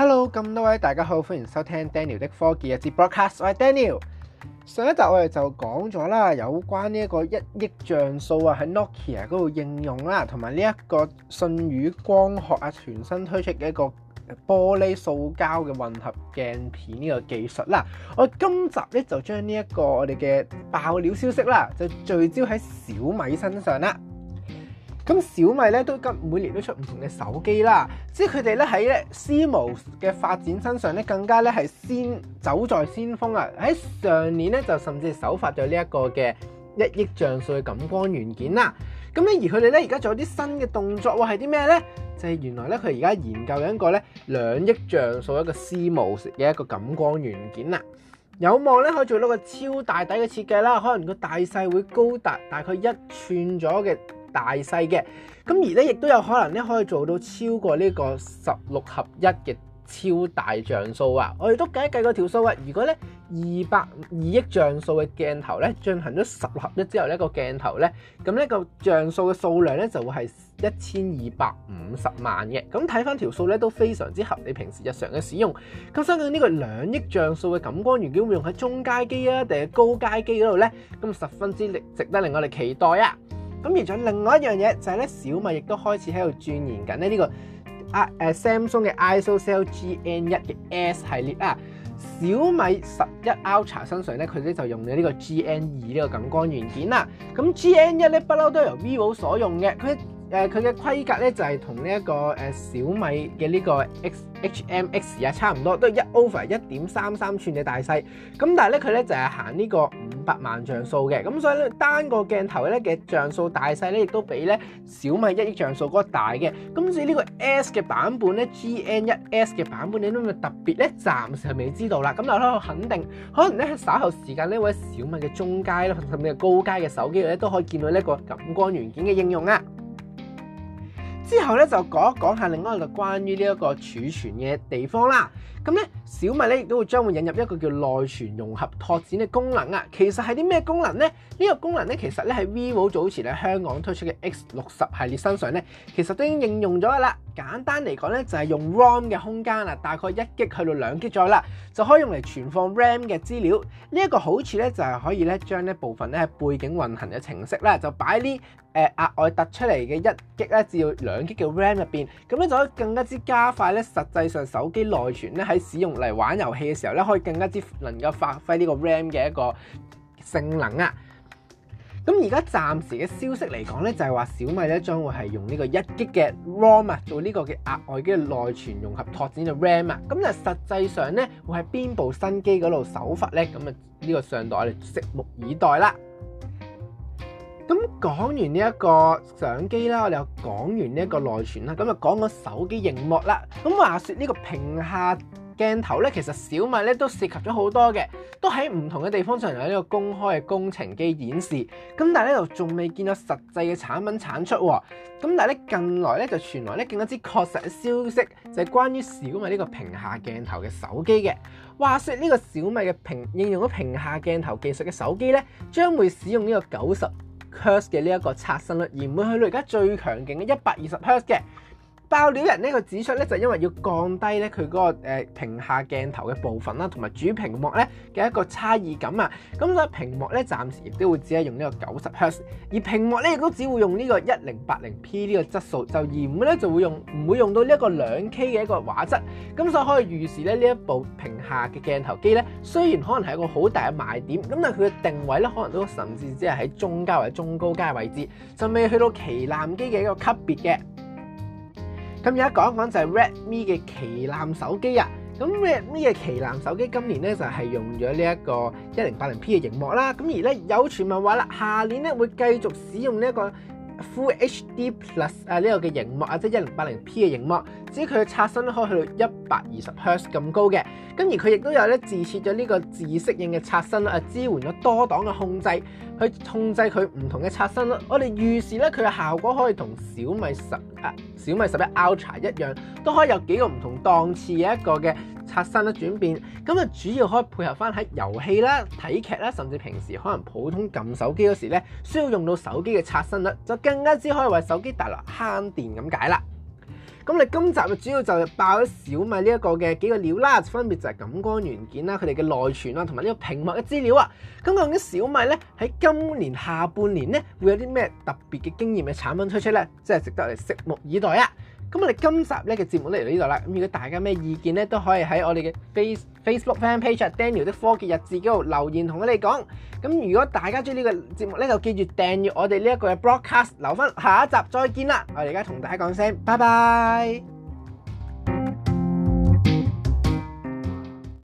Hello，咁多位大家好，歡迎收聽 Daniel 的科技日誌 broadcast。我係 Daniel。上一集我哋就講咗啦，有關呢一個一億像素啊喺 Nokia 嗰度應用啦，同埋呢一個信宇光學啊全新推出嘅一個玻璃塑膠嘅混合鏡片呢個技術啦。我今集咧就將呢一個我哋嘅爆料消息啦，就聚焦喺小米身上啦。咁小米咧都今每年都出唔同嘅手機啦，即係佢哋咧喺咧 CMOS 嘅發展身上咧更加咧係先走在先鋒啊！喺上年咧就甚至首發咗呢一個嘅一億像素嘅感光元件啦。咁咧而佢哋咧而家仲有啲新嘅動作喎，係啲咩咧？就係、是、原來咧佢而家研究緊一個咧兩億像素一個 CMOS 嘅一個感光元件啦，有望咧可以做到個超大底嘅設計啦，可能個大細會高達大概一寸左右嘅。大細嘅，咁而咧亦都有可能咧可以做到超過呢個十六合一嘅超大像素啊！我哋都計一計個條數啊！如果咧二百二億像素嘅鏡頭咧進行咗十六合一之後、那個、鏡呢個鏡頭咧，咁、那、呢個像素嘅數量咧就會係一千二百五十萬嘅。咁睇翻條數咧都非常之合你平時日常嘅使用。咁相信呢個兩億像素嘅感光元件會會用喺中階機啊，定係高階機嗰度咧，咁十分之值值得令我哋期待啊！咁而仲有另外一樣嘢就係、是、咧，小米亦都開始喺度鑽研緊咧呢個啊誒 Samsung 嘅 ISOCELL GN 一嘅 S 系列啊，小米十一 Ultra 身上咧，佢咧就用咗呢個 GN 二呢個感光元件啦。咁 GN 一咧不嬲都係由 Vivo 所用嘅佢。誒佢嘅規格咧就係同呢一個誒小米嘅呢個 X H M X 啊差唔多，都係一 over 一點三三寸嘅大細。咁但係咧佢咧就係行呢個五百萬像素嘅，咁所以咧單個鏡頭咧嘅像素大細咧亦都比咧小米一億像素嗰個大嘅。咁至於呢個 S 嘅版本咧，G N 一 S 嘅版本，你都咪特別咧，暫時未知道啦。咁但係我肯定，可能咧稍後時間咧，喺小米嘅中階啦甚至高階嘅手機咧都可以見到呢個感光元件嘅應用啊！之後咧就講一講下另外一個關於呢一個儲存嘅地方啦。咁咧小米咧亦都會將會引入一個叫內存融合拓展嘅功能啊。其實係啲咩功能呢？呢個功能咧其實咧喺 VIVO 早前咧香港推出嘅 X 六十系列身上咧，其實都已經應用咗啦。簡單嚟講咧就係用 ROM 嘅空間啦，大概一擊去到兩擊左右啦，就可以用嚟存放 RAM 嘅資料。呢一個好處咧就係可以呢將呢部分咧喺背景運行嘅程式啦，就擺啲誒額外突出嚟嘅一擊咧只要兩，一擊嘅 RAM 入邊，咁咧就可以更加之加快咧。實際上手機內存咧喺使用嚟玩遊戲嘅時候咧，可以更加之能夠發揮呢個 RAM 嘅一個性能啊。咁而家暫時嘅消息嚟講咧，就係話小米咧將會係用呢個一擊嘅 ROM 啊，做呢個嘅額外嘅內存融合拓展嘅 RAM 啊。咁就實際上咧會喺邊部新機嗰度首發咧？咁啊，呢個上代我哋拭目以待啦。講完呢一個相機啦，我哋又講完呢一個內存啦，咁就講個手機螢幕啦。咁話説呢個屏下鏡頭咧，其實小米咧都涉及咗好多嘅，都喺唔同嘅地方進行呢個公開嘅工程機演示。咁但係咧就仲未見到實際嘅產品產出。咁但係咧近來咧就傳來咧更加之確實嘅消息，就係關於小米呢個屏下鏡頭嘅手機嘅話説，呢個小米嘅屏應用咗屏下鏡頭技術嘅手機咧，將會使用呢個九十 Hertz 嘅呢一個刷新率，而唔會去到而家最強勁嘅一百二十 Hertz 嘅。爆料人呢個指出咧，就因為要降低咧佢嗰個屏下鏡頭嘅部分啦，同埋主屏幕咧嘅一個差異感啊。咁所以屏幕咧，暫時亦都會只係用呢個九十赫茲，而屏幕咧亦都只會用呢個一零八零 P 呢個質素，就而唔咧就會用唔會用到呢一個兩 K 嘅一個畫質。咁所以可以預示咧，呢一部屏下嘅鏡頭機咧，雖然可能係一個好大嘅賣點，咁但佢嘅定位咧，可能都甚至只係喺中階或者中高階位置，就未去到旗艦機嘅一個級別嘅。咁而家講一講就係 Redmi 嘅旗艦手機啊，咁 Redmi 嘅旗艦手機今年咧就係用咗呢一個一零八零 P 嘅螢幕啦，咁而咧有傳聞話啦，下年咧會繼續使用呢一個。Full HD Plus 啊，呢個嘅熒幕啊，即係一零八零 P 嘅熒幕，至於佢嘅刷新可以去到一百二十赫茲咁高嘅，咁而佢亦都有咧自設咗呢個自適應嘅刷新啊，支援咗多檔嘅控制，去控制佢唔同嘅刷新啦。我哋預示咧佢嘅效果可以同小米十啊、小米十一 Ultra 一樣，都可以有幾個唔同檔次嘅一個嘅，刷新率轉變，咁啊主要可以配合翻喺遊戲啦、睇劇啦，甚至平時可能普通撳手機嗰時咧，需要用到手機嘅刷新率，就更加之可以為手機帶來慳電咁解啦。咁你今集嘅主要就爆咗小米呢一個嘅幾個料啦，分別就係感光元件啦、佢哋嘅內存啦，同埋呢個屏幕嘅資料啊。咁究竟小米咧喺今年下半年咧會有啲咩特別嘅經驗嘅產品推出咧，真係值得我哋拭目以待啊！咁我哋今集呢個節目嚟到呢度啦。咁如果大家咩意見咧，都可以喺我哋嘅 face Facebook fan page Daniel 的科技日誌嗰度留言同我哋講。咁如果大家中意呢個節目咧，就記住訂閱我哋呢一個嘅 broadcast，留翻下，下一集再見啦。我哋而家同大家講聲，拜拜。